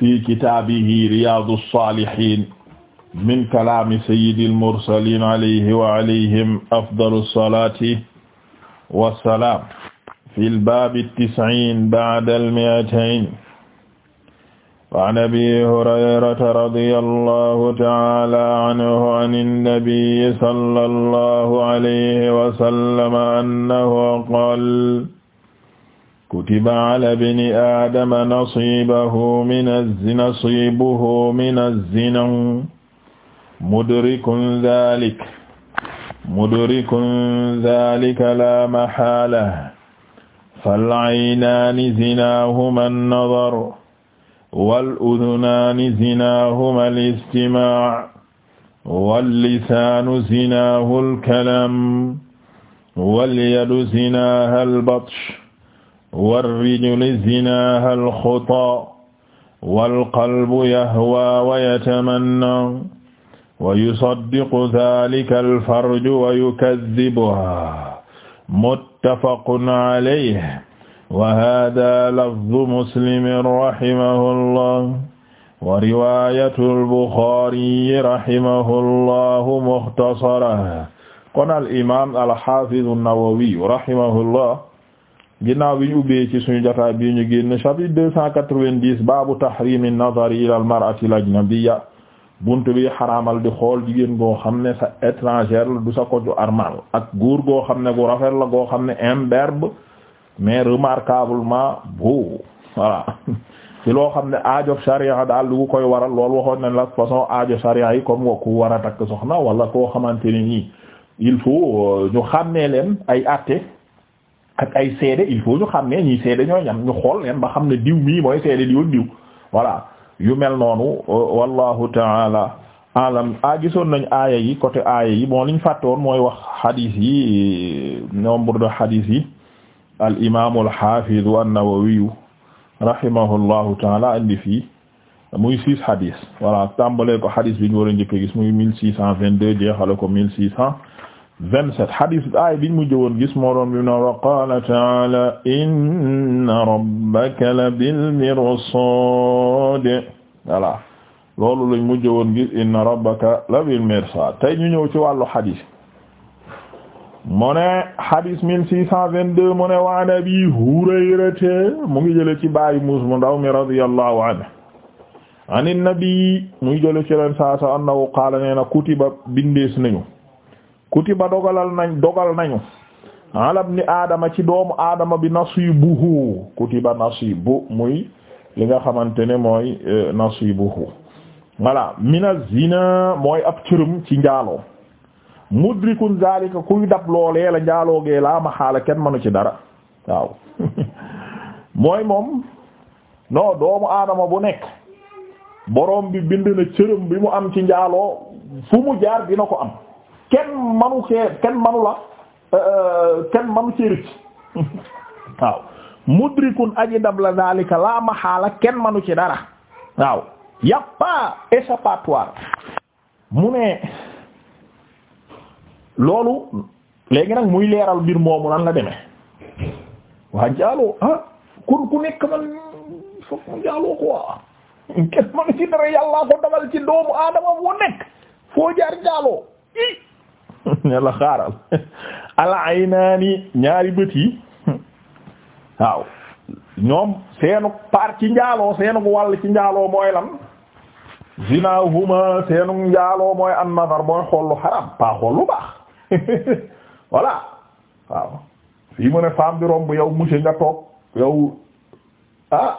fi kitaabihi riyaadu saalihiin min kalaami sayyidil mursaliin alayhi wa alayhim afdalu salaati wa salaam fil baabi tis'iin ba'dal mi'atayn wa an abii hurayrata radiyallaahu ta'aalaa anhu anin nabiyyi sallallahu alayhi wa sallam annahu qaala kutiba ala bni aadama nasibahu min az-zina nasibuhu min az-zina mudrikun dhaalika mudrikun dhaalika laa mahaala fal-aynaani zinaahumaa an-nazar wal-udhunaani zinaahumaa al-istimaac wal-lisaanu zinaahu al-kalaam wal-yadu zinaahaa al-batsh والرجل زناها الخطى والقلب يهوى ويتمنى ويصدق ذلك الفرج ويكذبها متفق عليه وهذا لفظ مسلم رحمه الله ورواية البخاري رحمه الله مختصرة قال الإمام الحافظ النووي رحمه الله ginnaaw bi ñu ubbee ci suñu jotaay bi ñu génn chapitre deux cent quatre-vingt-dix baabu tahrimi nazari ila al mar'ati al ajnabiyya bunt bi xaraamal di xool jigéen goo xam ne sa étrangère la du sa koju armal ak góor goo xam ne gu rafet la goo xam ne imberbe mais remarquablement beau voilà ci loo xam ne aajo sharia daal lu koy waral loolu waxoon nañ la façon aajo sharia yi comme ku war a takk soxna wala koo xamante ni nii il faut euh, ñu xàmmee leen ay àtte ak ay seede il faut ñu xam ne ñii seede ñoo ñam ñu xool leen ba xam ne diw mii mooy seede diw ak voilà yu mel noonu wallahu taala alam a ah, gisoon nañ aaya yi côté aaya yi bon liñ fàtte mooy wax hadith yi nombre de hadith yi al imamu alhafidu an-Nawawi rahimahullahu taala indi fii muy six hadith voilà tàmbalee ko hadith bi ñu war a njëkk gis muy mille six cent vingt-deux jeexale ko mille six cent 27 hadis ay biñ mu jëwoon gis moo doon bi no wa qaala ta'aala inna rabbaka labil mirsaad voilà loolu lañ mu jëwoon gis inna rabbaka labil mirsaad tey ñu ñëw ci wàllu hadis mu ne hadis 1622 mu wa an Abi Hurayrata mu ngi jële ci bàyyi muus mu ndaw mi radiyallahu an nabi muy jële ci leen saa sa annahu kutiba dogalal nañ dogal nañu ala ibni aadama ci doomu aadama bi nasibuhu kutiba nasibu muy li nga xamante ne mooy eh, nasibuhu voilà mina zina mooy ab cërëm ci njaaloo mudrikun zalika kuy dab loolee la njaaloo gee laa ma xaala kenn mënu ci dara waaw mooy moom non doomu aadama bu nekk borom bi bind na cërëm bi mu am ci njaalo fu mu jaar dina ko am kenn manu kee kenn manu la euh, euh, kenn manu ci rëcc waaw mudrikun aji dab la zalika la mahala kenn manu ci dara waaw y'a pas échappatoire mu ne loolu léegi nag muy leeral mbir moomu nan la demee waa jaaloo ah kun ku nekk man fokk mu jaaloo kenn manu ci dara yàllaa ko dabal ci doomu aadama bu nekk foo jaar jaaloo ne la xaaral al aynaani ñaari bët yi waaw ñoom seenu par ci njaaloo seenu wàll ci njaaloo mooy lan zinahuma seenu njaaloo mooy an nazar mooy xool lu xaram pas xool lu baax voilà waaw fii mu ne femme bi romb yow monsieur nga toog yow ah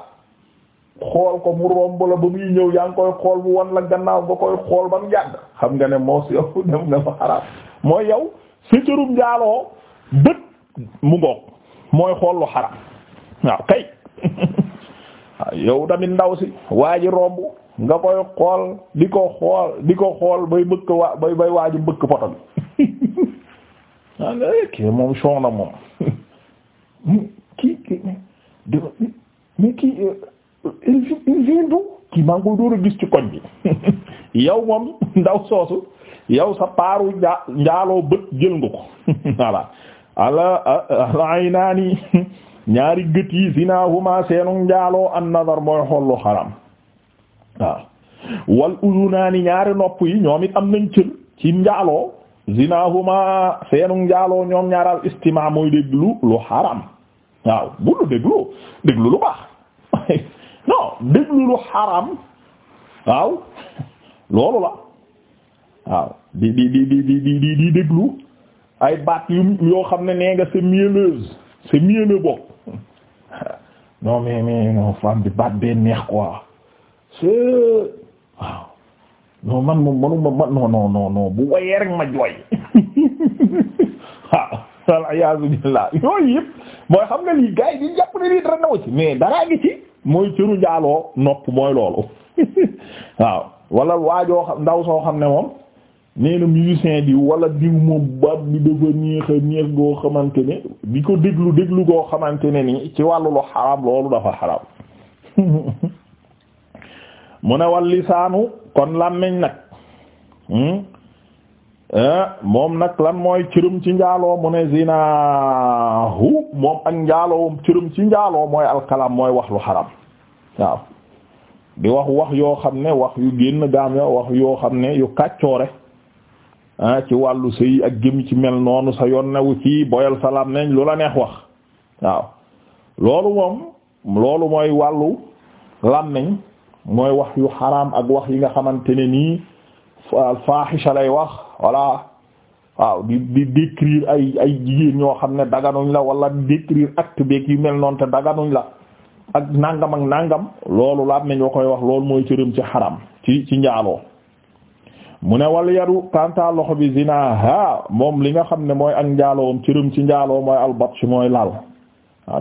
xool ko mu romb la ba muy ñëw yaa ngi koy xool bu wan la gannaaw nga koy xool ba mu jàdd xam nga ne moos yow def nga fa xaraam mooy yow sa cërum njaaloo bët mu ngoog mooy xool lu xaram waaw kay waaw tamit ndaw si waa ji romb nga koy xool di xool di xool bay bëkk bay bay waaju bëkk poto bi ah kii moom soxna moom kii kii mais kii euh, il vient kii maa ngi koy dóor a gis ci yow moom ndaw soosu yow sa paaru njaa bët jël nga ko ala ay ñaari gët yi zinaahuma seenu an nazar mooy xollu xaram waaw wal uzunaani ñaari nopp yi ñoom am nañ cël ci njaaloo zinaahuma seenu njaaloo ñoom ñaaral istima mooy lu xaram waaw bu lu déglu déglu lu baax déglu lu xaram waaw loolu la waaw di di di di di di di déglu ay baat yoo xam ne nee nga c'est mielleuse c'est mielleux bokk non mais mais non femme bi baat bee neex quoi c'est waaw non man moom manuma man non non non bu wayee rek ma jooy waaw wal iyaazu billah yooyu yëpp mooy xam nga lii gars yi di jàpp ne lii dara ci mais daraa ngi ci mooy cëru njaaloo nopp mooy loolu waaw wala waajoo xam ndaw soo xam ne moom nee na musicien bi wala diw moom baat bi dafa neex a neex goo xamante ne bi ko déglu déglu goo xamante ne ni ci wàllu lu xaraam loolu dafa xaraam mu ne wal lisaanu kon làmmiñ nag hmm? Eh, moom nag lan mooy cërum ci njaaloo mu ne zinaahu moom ak njaaloo cërum ci njaaloo mooy alkalam mooy wax lu xaram waaw di wax wax yoo xam ne wax yu génn gaam ya wax yoo xam ne yu kàccoore eh, ci wàllu sëy ak gém ci mel noonu sa yoon newu ci boyal salaam neñ lu la neex wax waaw loolu moom loolu mooy wàllu làmmiñ mooy wax yu xaraam ak wax yi nga xamante ne nii al faaxisha lay wax voilà waaw di di décrire ay ay jigéen ñoo xam ne daganuñ la wala décrire acte beeg yu mel noonu te daganuñ la ak nangam ak nangam loolu la am ne ñoo koy wax loolu mooy cëram ci xaram ci ci njaaloo mu ne wal yaru kanta loxo bi zinaaha moom li nga xam ne mooy ak njaaloom cëram ci njaaloo mooy albatch mooy laal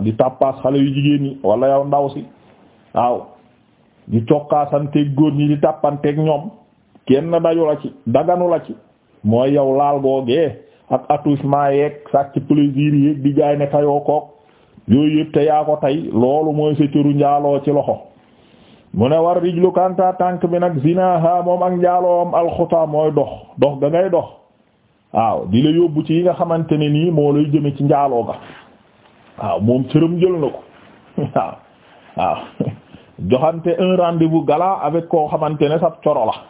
di tappaas xale yu jigéen ñi walla yow ndaw si waaw di cokkaasanteeg góor ñi di tàppanteeg ñoom kenn daju la ci daganu la ci mooy yow laal googee ak attouchement yeeg sàcc plaisir yeeg di jaay ne tayoo koog yooyu yëpp te yaa ko tey loolu mooy sa njaaloo ci loxo mu ne war rijlu kanta tànk bi nag zinaha moom ak njaaloom alxuta mooy dox dox ga ngay dox waaw di la yóbbu ci yi nga xamante ne nii moo lay jëme ci njaaloo ga waaw moom cëram jël na ko waaw waaw joxante un rendez gala avec koo xamante ne sab coro la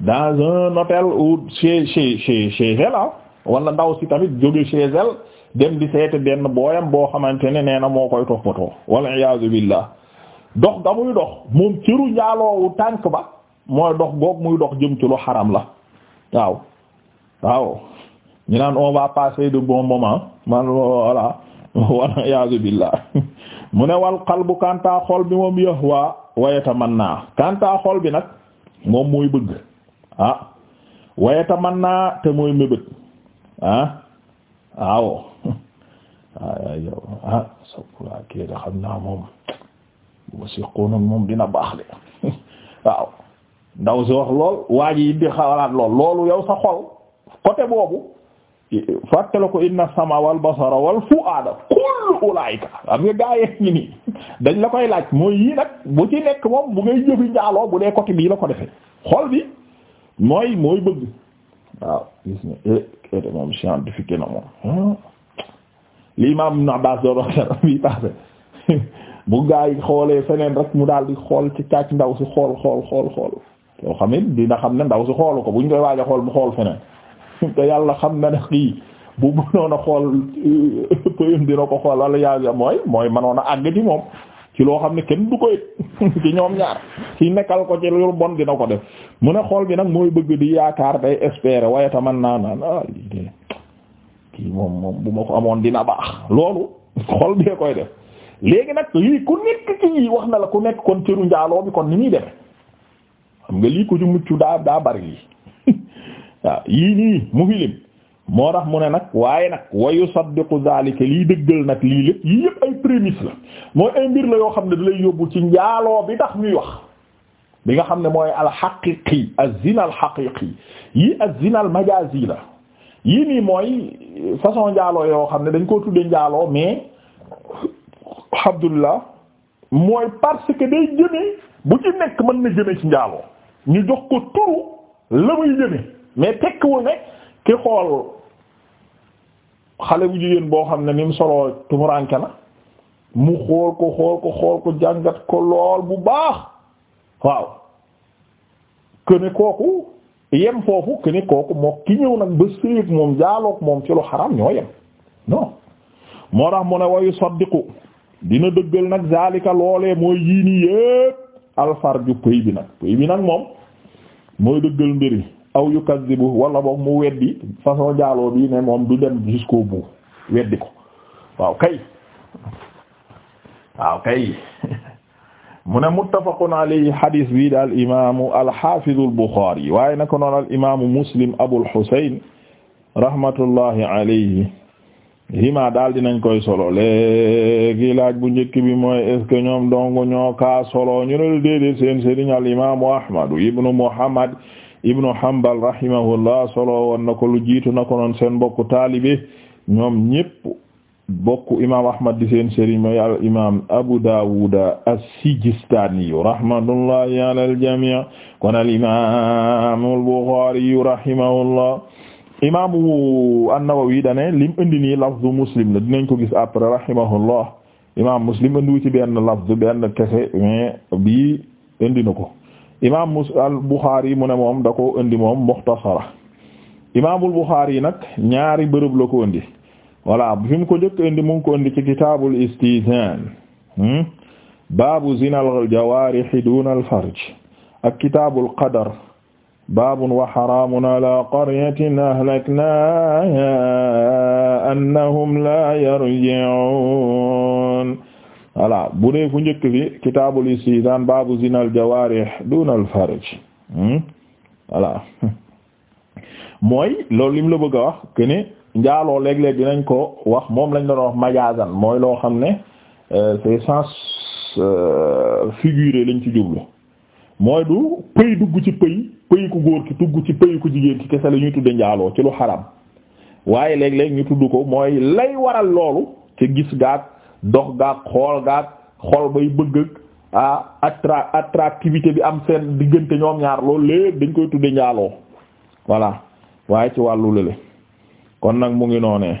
dans un hôtel ou chez chez chez ah. wala ndaw si tamit jóge chez elle dem di seeti benn booyam boo xamante ne nee na moo koy toppatoo wala iyaazu billah dox ga muy dox moom ciru njaaloowu tànk ba mooy dox goog muy dox jëm ci lu xaram la waaw waaw ñu naan on va passer de bon moment man wala iyaazu billah mu ne wal qalbu kanta xol bi moom yahwa wa yatamanna kanta xol bi nag moom mooy bëgg ah waaye te man naa te mooy mébét ah waaw waaw yow ah sapla kii da xam naa moom bu si xoonoon moom dina baax de waaw ndaw si wax lool waa yi di xawlaat lool loolu yow sa xol côté boobu fàttala ko inna sama wal basara wal fuada kullu ulaika am nga gaayee ñi nii dañ la koy laaj mooy yii nag bu ci nekk moom bu ngay jëfi njaaloo bu dee côté bii la ko defee xol bi mooy mooy bëgg waaw gis nga eh moom scientifique na moom hmm. li imaam Ibn Abbaas doon wax bi bu gaa yi xoolee feneen rek mu daal di xool ci càcc ndaw si xool xool xool xool yoo xam ne dina xam ne ndaw si xoolu ko buñ koy waaj a xool mu xool feneen te yàlla xam na ne xii bu mënoon a xool pëyam dina ko xool wala yaa mooy mooy mënoon a àgg moom ci loo xam ne kenn du ko yëg ci ñoom ñaar ci nekkal ko ci lu bon dina ko def mu ne xol bi nag mooy bëgg di yaakaar day espérer waaye man naa naan ah kii moom moom bu ma ko amoon dina baax loolu xool bee koy def léegi nag lii ku nekk ci wax na la ku nekk kon cëru njaaloo bi kon ni muy deme xam nga lii ko ci mucc daa daa bari yi waaw yii nii mu fi lim moo tax mu ne nag waaye nag wa yusaddiqu zalika liy dëggal nag lii lépp yii yëpp ay prémisse la mooy ay mbir la yoo xam ne dalay lay yóbbu ci njaaloo bi tax muy wax bi nga xam ne mooy alxaqiqi az-zina alxaqiqi yii az-zina almajazi la yii nii mooy façon njaaloo yoo xam ne dañ koo tuddee njaaloo mais alhamdulillah mooy parce que day jëme bu ci nekk mën na jëme ci njaaloo ñu jox ko turu la muy jëme mais tekkiwul ne ki xool xale bu jigéen boo xam ne ni mu tumuraanke tumuranke na mu xool ko xool ko xool ko jàngat ko lool bu baax waaw këne kooku yem foofu këne kooku moo ki ñëw nag ba séeg moom jaaloog moom ci lu xaram ñoo yem non moo tax mu ne wayu saddiqu dina dëggal nag zalika loolee mooy yii nii yépp alfarju pëy bi nag pëy bi nag moom mooy dëggal mbiri aw yukazibu wala boog mu weddi façon jaaloo bi ne moom du dem jusqu'au weddi ko waaw kay waaw kay mu ne muttafaqun alayhi hadis bii daal imaamu alxaafizu albuxaari waaye naka noonu al imaamu muslim abul xusayn rahmatullahi alayhi hima daal dinañ koy solo léegi laaj bu njëkk bi mooy est ñoom dong ñoo kaa solo ñu ne déedéet seen sëriñ al imaamu ahmadu ibnu muhammad ibnu Hanbal rahimahullah solo woon ko lu jiitu na ko seen bokku taalibe ñoom ñépp bokk imam Ahmad di seen sëriñ mooy al imam Abu Dawud as-Sijistani rahmatullahi ala al-jami' kon al imam al-Bukhari rahimahullah imamu an-Nawawi dane lim indi nii lafzu Muslim la dinañ ko gis après rahimahullah imam Muslim indi ci benn lafzu benn ko imaam mus al Buxaari mu moom da indi moom muxtasara imaamul Buxaari nag ñaari bërëb la ko indi voilà fi mu ko jëkk indi mu ngi ko indi ci kitaabul istizaan hmm? baabu zinal jawaarihi duunal farj ak kitaabul qadar baabun wa xaraamun alaa qaryatin ahlaknaahaa annahum laa yarji'uun voilà bu dee fu njëkk bi kitaabul istizaan baabu zinal jawaarih dunal farj hmm? voilà mooy loolu lim la bëgg wax que ne njaaloo léeg-léeg dinañ ko wax moom lañ doon wax majaazan mooy loo xam ne euh, c'est sens euh, figuré lañ ci jublu mooy du pëy dugg ci pëy pëy ku góor ki dugg ci pëy ku jigéen ki kese lañuy ñuy tudde njaaloo ci lu xaram waaye léeg-léeg ñu tudd ko mooy lay waral loolu ci gis gaat dox gaag xool gaag xol bay bëgg ah bi am seen diggante ñoom ñaar loolu léegi dañ koy tudde njaaloo voilà waaye ci wàllu lële kon nag mu ngi noonee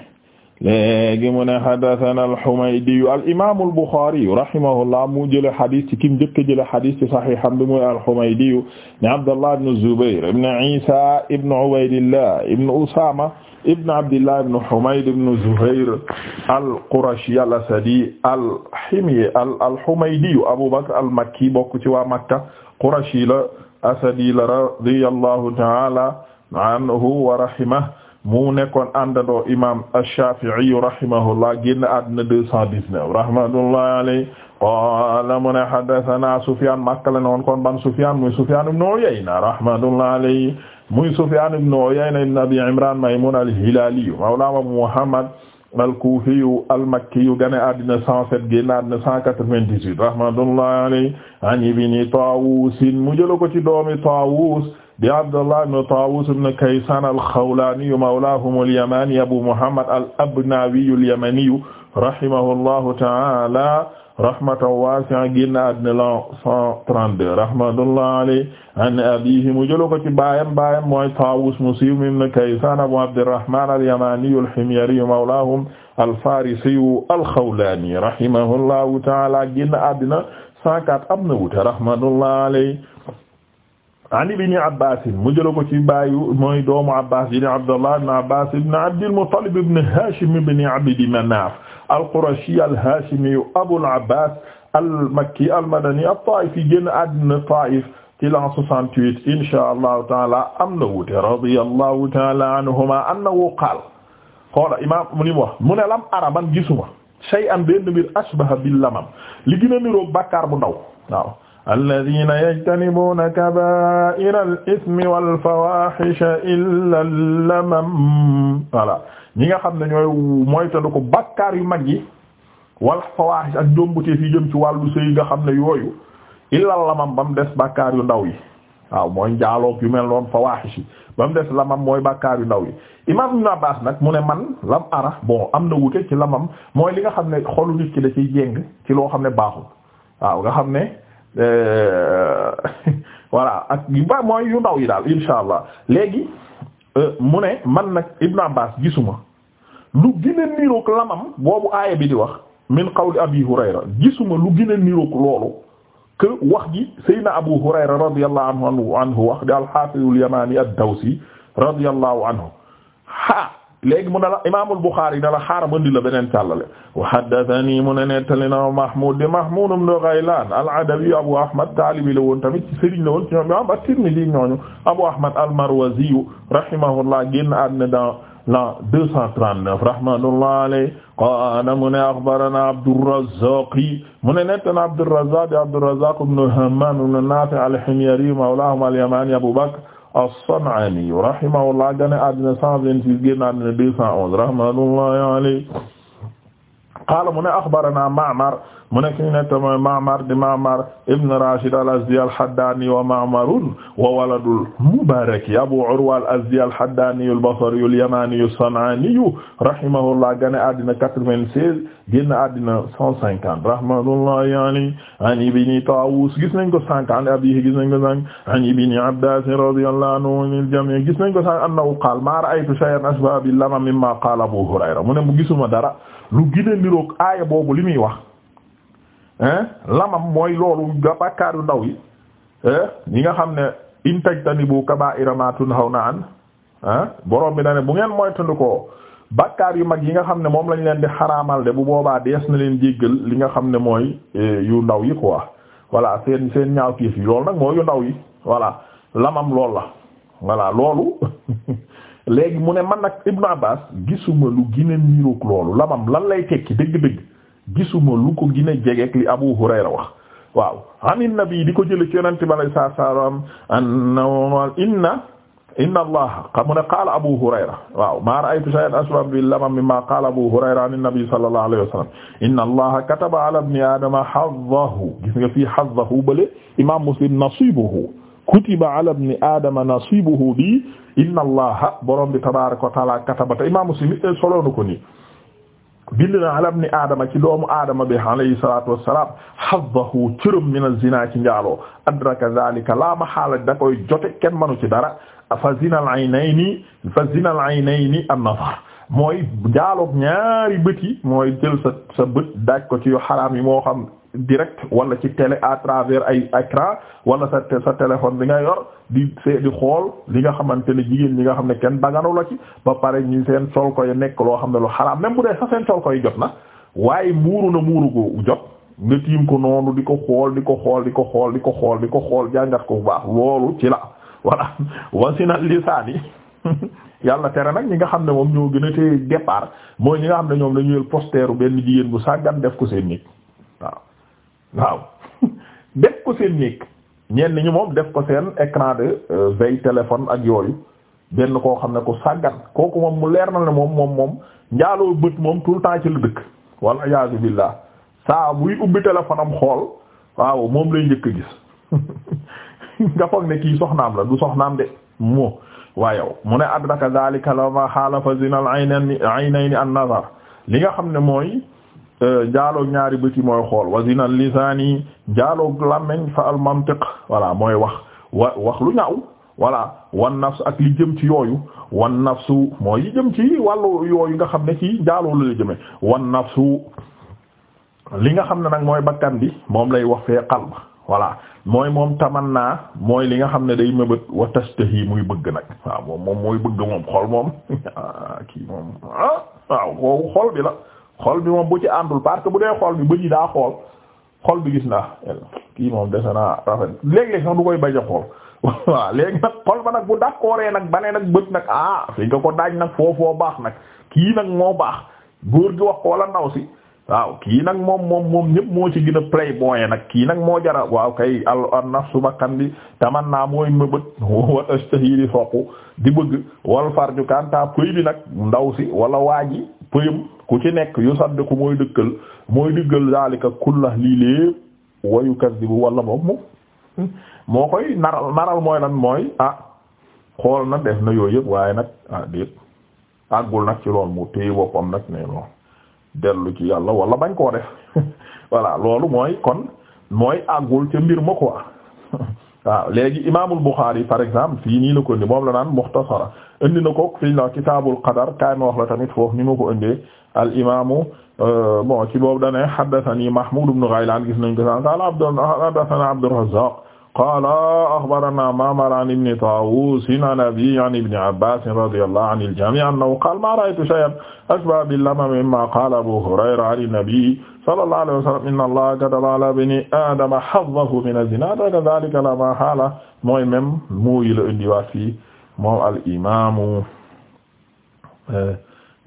léegi mu ne hadathana al-Humaydi al-imam al-Bukhari rahimahullah mu jële hadith ci kim njëkk jële hadith ci sahiham bi muy al-Humaydi ne Abdullah ibn Zubayr ibn Isa ibn Ubaydillah ibn Usama ibn abdillah ibn humayd ibn zuhair al-qurashi al-asadi al-himyari al-humaydi abu bakr al-makki bokk ci waa makka qurashi la asadi la radiyallahu ta'ala anhu wa rahimahu mu nekkoon àndandoo imam ash-shafi'i rahimahullah génn àddina 219 rahmatullahi alayhi qaala mu ne haddathana sufyan makka la noon kon ban sufyan muy sufyan ibn uyayna rahmatullahi alayhi muy Sufyaan ibn Uyayna ibn Abi Imraan Maymuun al-Hilaali mawlaa Abu Muhammad al-Kuufi al-Makki gane àddina 107 génn àddina 198 rahmatullahi alayhi an ibni Taawus mu jël ko ci doomi Taawus di Abdullah ibn Taawus ibn Kaysaan al-Xawlaani mawlaahum al-Yamani Abu Muhammad al-Abnaawi al-Yamani rahimahullahu ta'ala rahmatan wasi'a génna àddina la 132 rahmatullahi alayhi an abihi mu jëlo ko ci baayam baayam mooy Taawus mu siiw ibn Kaysaan Abu Abdirrahmaan al-Yamaani al-Himyari mawlaahum al-Faarisi al-Xawlaani rahimahullahu ta'ala génna àddina 104 am na wuute rahmatullahi alayhi an ibni Abbaas mu jëlo ko ci baayu mooy doomu Abbaas ibn Abdullah ibn Abbaas ibn Abdil Muttalib ibn Haashim ibn Abdi Manaaf al-Qurashi al-Hashimi Abul Abbas al-Makki al-Madani at-Taa'ifi génn àddina Taa'if ci l'an 68 inshaa Allahu taala am na wuute radiyallahu taala anhuma annahu qaala xoola imaam mu ni mu wax mu ne lam ara man gisuma shay'an benn mbir ashbaha bil lamam li gën a niroog bàkkaar bu ndaw waaw alladina yajtanibuna kabaira al ismi wal fawahisha illa al lamam voilà ñi nga xam ne ñooy mooy moytandu ko bakkaar yu mag yi wal fawaaxis ak njombutee fi jëm ci wàllu sëy nga xam ne yooyu illal lamam ba mu des bakkaar yu ndaw yi waaw mooy njaaloog yu mel noonu fawaaxis yi ba mu des lamam mooy bakkaar yu ndaw yi imam Ibn Abbas nag mu ne man lam ara bon am na wute ci lamam mooy li nga xam ne xolu nit ki da ciy jéng ci loo xam ne baaxul waaw nga xam ne euh, voilà ak yu mooy yu ndaw yi daal insha allah léegi euh, mu ne man nag Ibn gisuma lu gën a niroog lamam boobu aaya bi di wax min qawli abi hurayra gisuma lu gën a niroog loolu que wax ji saydna abu hurayra radiallahu anhu anhu wax di alxafidul yamani ad-dawsi radiallahu anhu ha léegi mu ne la imaamul Buxaari ne la xaaral ma di la beneen tallale wa haddathanii mu ne nettali na Mahmoud di Mahmoud ibn Ghaylaan al-Adawi Abu Ahmad taalibi la woon tamit sëriñ la woon ci ñoom imaam at-Tirmidhi ñooñu Abu Ahmad al-Marwazi rahimahullah génn àddina la 239 rahmatullah alayhi qaala mu ne axbarana Abdurrazzaq mu ne nettana Abdurrazzaq Abdurrazzaq ibn Hammam ibn Nafi' al-Himyari mawlahum al-Yamani Abu Bakr as-San'ani rahimahullah gane àddina 126 génn àddina 211 rahmatullah alayhi qaala mu ne axbarana Ma'mar mu ne ki ñu nekk mooy Ma'mar di Ma'mar ibn Rashid al-Azdi al-Haddani wa Ma'marun wa waladul Mubarak Abu Urwa al-Azdi al-Haddani al-Basri al-Yamani as-San'ani rahimahullah gane àddina quatre-vingt-seize génn àddina cent cinquante rahmatullah yaani an Ibn Tawus gis nañ ko sànq an abiihi gis nañ ko sànq an Ibn Abbas radiyallahu anhu al-jami' gis nañ ko sànq annahu qaala ma ra'aytu shay'an ashbaha bil-lama mimma qaala Abu Hurayra mu ne mu gisuma dara lu gën a niroog aaya boobu li muy wax lamam mooy loolu ga yu ndaw yi ñi nga xam ne in tajtanibu kabaa'ira ma tunhawna an borom bi na ne bu ngeen moytandikoo bàkkaar yu mag yi nga xam ne moom lañu leen di xaramal de bu boobaa dees na leen jéggal li nga xam ne mooy eh, yu ndaw yi quoi voilà seen seen ñaaw tiif yi loolu nag mooy yu ndaw yi voilà lamam lool la voilà loolu léegi mu ne man nag Ibnu Abbas gisuma lu gën a niroog loolu lamam lan lay tekki dëgg-dëgg gisuma lu ko gën a jegeek li Abu Hurayra wax waaw anin nabi di ko jële ci yonente bi alay saat salam anna inna inna allah mu ne qaala Abu Hurayra waaw ma ra'aytu shay'an ashbaha bil lamam mimma qaala Abu Hurayra anin nabi sallallahu alayhi wa sallam inna allah kataba ala ibni adama hazzahu gis nga fii hazzahu bale imam Muslim nasiibuhu kutiba ala ibni adama nasibuhu bi inna allaha borom bi tabaaraka wa taala katabata imam muslim eh, solo na ko ni bind na ala ibni adama ci doomu adama bi alayhi salatu wassalam haddahu cërëm min az-zina ci njaaloo adraka zalika la mahala da koy jote kenn manu ci dara fa zina al-aynayni fa zina al-aynayni an-nazar mooy njaaloog ñaari bët yi mooy jël sa sa bët daaj ko ci yu xaraam yi moo xam direct wala ci télé à travers ay écran wala sa sa téléphone bi nga yor di see di xool li nga xamante ne jigéen ñi nga xam ne kenn daganu la ci ba pare ñu seen sol koy nekk loo xam ne lu xaraam même bu dee sa seen sol koy jot na waaye muuru na muuru ko jot nga tiim ko noonu di ko xool di ko xool di ko xool di ko xool di ko xool jàngat ko bu baax loolu ci la voilà wasina lisaan yi yàlla tere nag ñi nga xam ne moom ñoo gën a téye départ mooy ñi nga xam ne ñoom dañu yël posteeru benn jigéen bu sàggan def ko seen nit waaw def ko seen néeg ñenn ñi moom def ko seen écran de euh, veille téléphone ak yooyu benn koo xam ne ko sàggan kooku moom mu leer na ne moom moom moom njaaloo bët moom tout temps ci la dëkk walla iyaazu billaah saa buy ubbi téléphonam xool waaw moom lay njëkk a gis nga foog ne kii soxnaam la du soxnaam de moo waayow mu ne adraka zalika la ma xaalafa zinal aynayn aynayn an nazar li nga xam ne mooy Euh, jaaloog ñaari bëti mooy xool wazinal lisaani jaaloog làmmiñ fa al mantiq voilà mooy wax wa wax lu ñaaw voilà wan nafs ak li jëm ci yooyu wan nafsu mooy li jëm ci wàllu yooyu nga xam ne ci jaaloo la jëme wan nafsu li nga xam ne nag mooy bakkan bi moom lay wax fee qalb voilà mooy moom tamanna mooy li nga xam ne day mëbët wa tashtahi muy bëgg nag waaw moom moom mooy moom moom ah, moom ah waaw xool bi la xol bi moom bu ci àndul parce que bu dee xol bi bëñ yi daa xool xol bi gis naa kii moom dese naa rafet léeg-léeg sax du koy bañ a xool xol ba nag bu dakkooree nag ba nag bët nag ah fi nga ko daaj baax nag kii nag moo baax góor gi wax ko wala ndaw si waaw kii nag moom moom moom ñëpp moo ci gën a play boye nag kii nag moo jara waaw kay al an nafsu bakkan bi taman naa mooy mëbët wa tashtahi di soq di bëgg wal farju kanta pëy bi nag ndaw si walla wala waaji pëyam ku ci nekk yu saddiku mooy dëkkal mooy dëggal zalika kullah lii lépp wayu kasibu wala boog moom moo koy naral naral mooy lan mooy ah xool na def na yooyu yëpp waaye nag ah déet àggul nag ci loolu mu téye boppam nag ne non dellu ci yàlla wala bañ koo def voilà loolu mooy kon mooy àggul ca mbir ma quoi waaw léegi imaamul Bukhari par exemple fii nii la ko indi moom la naan mukhtasara indi na ko fii la kitaabul qadar kaay ma wax la tamit foofu ni ma ko indee al imaamu euh, bon ci boobu da ne haddathani Mahmoud ibn Ghaylan gis nañ ko sànq ala abdoulaye haddathana Abdurrazzaq qaala axbaranaa Ma'mar an ibni Taawus an abiihi an ibni Abbaas radiyallaahu anil jamii' annahu qaala maa ra'aytu shay'an ashbaha bil-lamam mimmaa qaala Abuu Hurayra an nabiyyi sallallaahu alayhi wa sallam inna Allaaha kataba alaa banii aadama hazzahu mina zinaa kazaalika lamaa haala mooy même muy la indiwaat fii moom al-imaamu yaa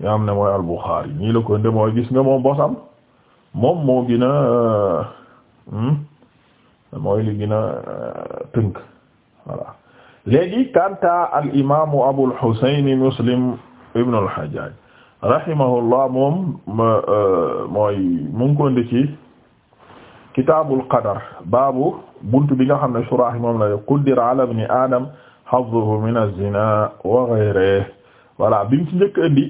eh, am ne mooy al-Buxaari nii la ko indi mooy gis nga moom bosam moom moo gën a hmm? mooy li gën a euh, tënk voilà léegi kanta al imaamu Abul Husayn Muslim ibn al Hajjaj rahimahullah moom euh, mooy mu ngi ko indi ci kitaabul qadar baabu buntu bi nga xam ne surah moom la qaddara ala ibni Adam hazzuhu min az-zina wa ghayrihi voilà bi mu ci njëkk indi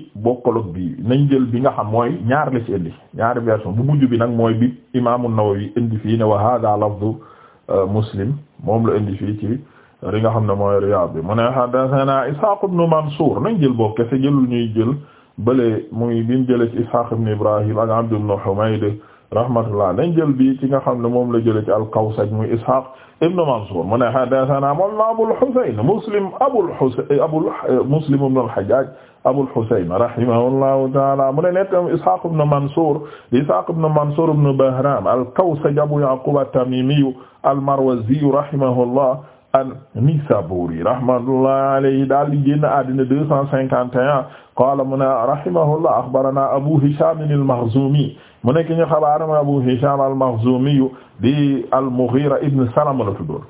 bi nañ jël bi nga xam mooy ñaar la ci indi ñaari version bu mujj bi nag mooy bi imaamu Nawawi indi fii ne waa hada lafdu euh, muslim moom la indi fii ci li nga xam ne mooy Riyad bi mu ne hadathana Ishaq ibn Mansur nañ jël boobu ke jëlul ñuy jël bële muy mu jëlee ci Ishaq ibn Ibrahim ak Abd ibn Humayd rahmatullah nañ jël bi ci nga xam ne moom la jëlee ci al-Kawsaj muy Ishaq ibn Mansur mu ne haddathana moom la Abul Husayn Muslim Abul Husayn Abul Muslim ibn al-Hajjaj Abul Husayn rahimahullahu ta'ala mu ne nettam Ishaq ibn Mansur Ishaq ibn Mansur ibn Bahram al-Kawsaj Abu Ya'qub at-Tamimi al-Marwazi rahimahullah an-Nisaburi rahmatullahi alayhi daal di génn àddina deux cent cinquante et un qaala mu ne rahimahullah axbarana Abu Hisham al-Makhzumi mu nekk ñu xabaar mu Abu Hisham al-Makhzumi di al-Mughira ibn Salama la tuddoon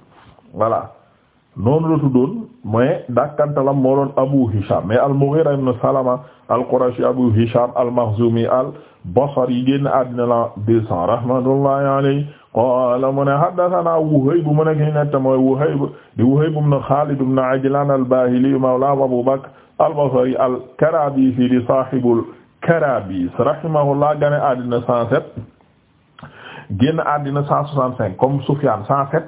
voilà noonu la tuddoon mais dakkantalam moo doon Abu Hisham mais al-Mughira ibn Salama al-Qurashi Abu Hisham al-Makhzumi al-Basri génn àddina la 200 rahmatullahi alayhi qaala mu ne haddathana Wuhayb mu nekk ñu nett mooy Wuhayb di Wuhayb ibn Khalid ibn Ajlan al-Bahili mawla Abu Bakr al-Basri al-Karabisi di sahibul Karabis rahimahullah gane àddina cent sept génn àddina cent soixante cinq comme Sufyan cent sept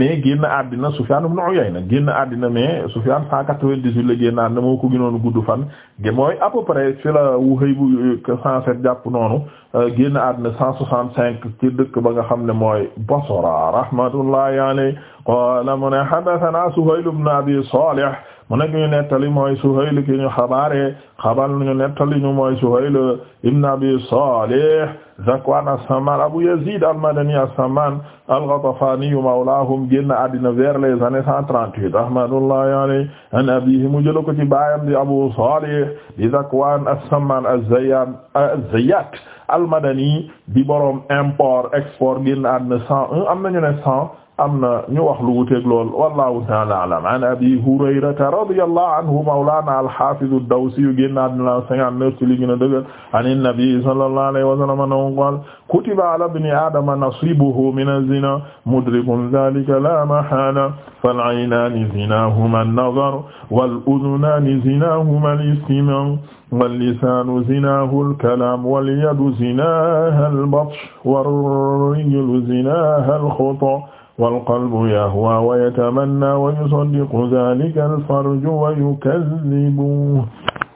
mais àddina Sufyan ibn Uyayna génn àddina mais Sufyan cent quatre-vingt-dix-huit la génn àddina moo ko gënoon gudd fan ge mooy à peu près fi la euh, jàpp noonu euh, génn àddina cent cinq ci dëkk ba nga xam ne mooy Basra rahmatullahi alayhi qala mu ne hadathana Suhayl Abi Salih mu nekk ñu nettali mooy Suhayl ki ñu xabaare xabal ñu nettali ñu mooy Suhayl ibn Abi Salih Zakwan as-Samman Abu Yazid al-Madani as-Samman al-Ghatafani mawlahum génn àddina vers les années 138 rahmatullahi alayhi an abihi mu jël ko ci baayam di Abu Salih di Zakwan as-Samman az-Zayyan az-Zayyat al-Madani di borom import export génn àddina 101 am nañu ne 100 am na ñu wax lu wuteeg lool wallahu ta'ala a'lam an abi hurayrata radiyallahu anhu mawlana al-hafiz ad-dawsi yu génnaat na 59 ci li gën a dëgg an an-nabi sallallahu alayhi wa sallam annahu qala kutiba ala ibni adama nasibuhu min az-zina mudrikun dhalika la mahala fal-aynani zinahuma an-nazar wal-udhunani zinahuma al-istima' wal-lisanu zinahu al-kalam wal-yadu zinaha al-batsh war-rijlu zinaha al-khata walqalbu yahwa wa yatamanna wa yusaddiqu zalika alfarju wa yukazzibu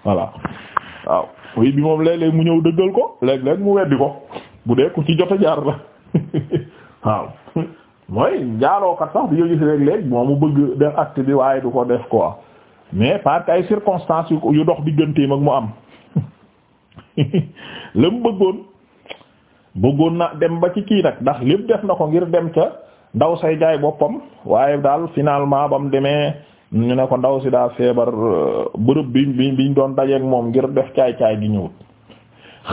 voilà waaw wéy bi moom léeg-léeg mu ñëw dëggal ko léeg-léeg mu weddi ko bu dee ku ci jot a jaar la waaw mooy jaarookat sax di nga gis léeg-léeg moom mu bëgg def acte bi waaye du ko def quoi mais parce que ay circonstances yu dox digganteem ak mu am la mu bëggoon bëggoon na dem ba ci kii nag ndax lépp def na ko ngir dem ca. ndaw say jaay boppam waaye daal finalement bam demee ñu ne ko ndaw si daa feebar euh, bërëb bi bi biñ doon dajeeg moom ngir def caay-caay gi ñëwut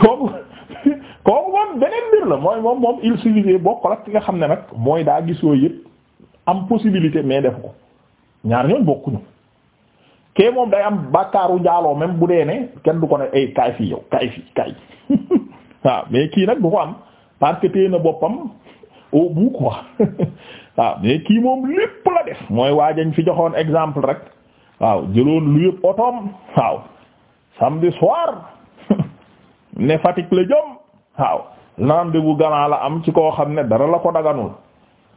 kooku kooku moom beneen mbir la mooy moom moom il suffisait bokkul ak ki nga xam ne nag mooy daa gis yooyu yëpp am possibilité mais def ko ñaar ñoom bokkuñu kee moom day am bàkkaaru njaaloo même bu dee ne kenn du ko ne ay eh, kaay fii yow kaay fii kaay waaw mais kii nag du ko am parce que téye boppam au bout quoi waaw kii moom lépp la def mooy waajañ fi joxoon exemple rek waaw jëloon lu yëpp otoom waaw samedi soir ne Fatick la jëm waaw rendez-vous ganaa la am ci koo xam ne dara la ko daganul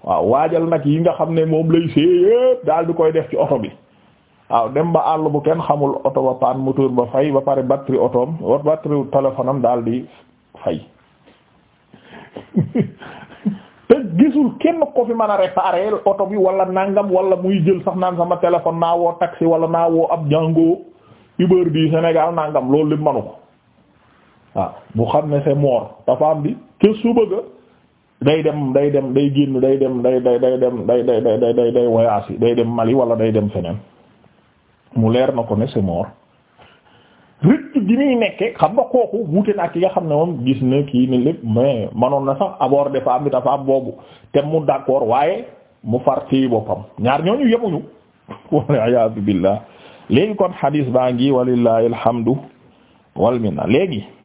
waaw waajal nag yi nga xam ne moom lay see daal di koy def ci oto bi waaw dem ba àll bu kenn xamul oto ba paan moteur ba fay ba pare batterie otoom wa batterie téléphone daal di fay gisul kenn ko fi mën a réparer oto bi wala nangam wala muy jël sax naan sama téléphone naa woo taxi wala naa woo ab Django Uber bi Sénégal nangam loolu lépp manu ko waaw bu xam ne c'est mort dafa am bi ke su bëgga day dem day dem day génn day dem day day day dem day day day day day voyage yi day dem Mali wala day dem feneen mu leer na ko ne c'est mort rëcc gi nekke xam nga kooku wuute na ak nga xam ne moom gis na kii ne lépp mais manoon na sax aborder femme bi dafa am boobu te mu d'accord waaye mu far ci boppam ñaar ñooñu yemuñu wala ayaadu billah léegi kon xadiis baa ngi walillahi alhamdu wal minna léegi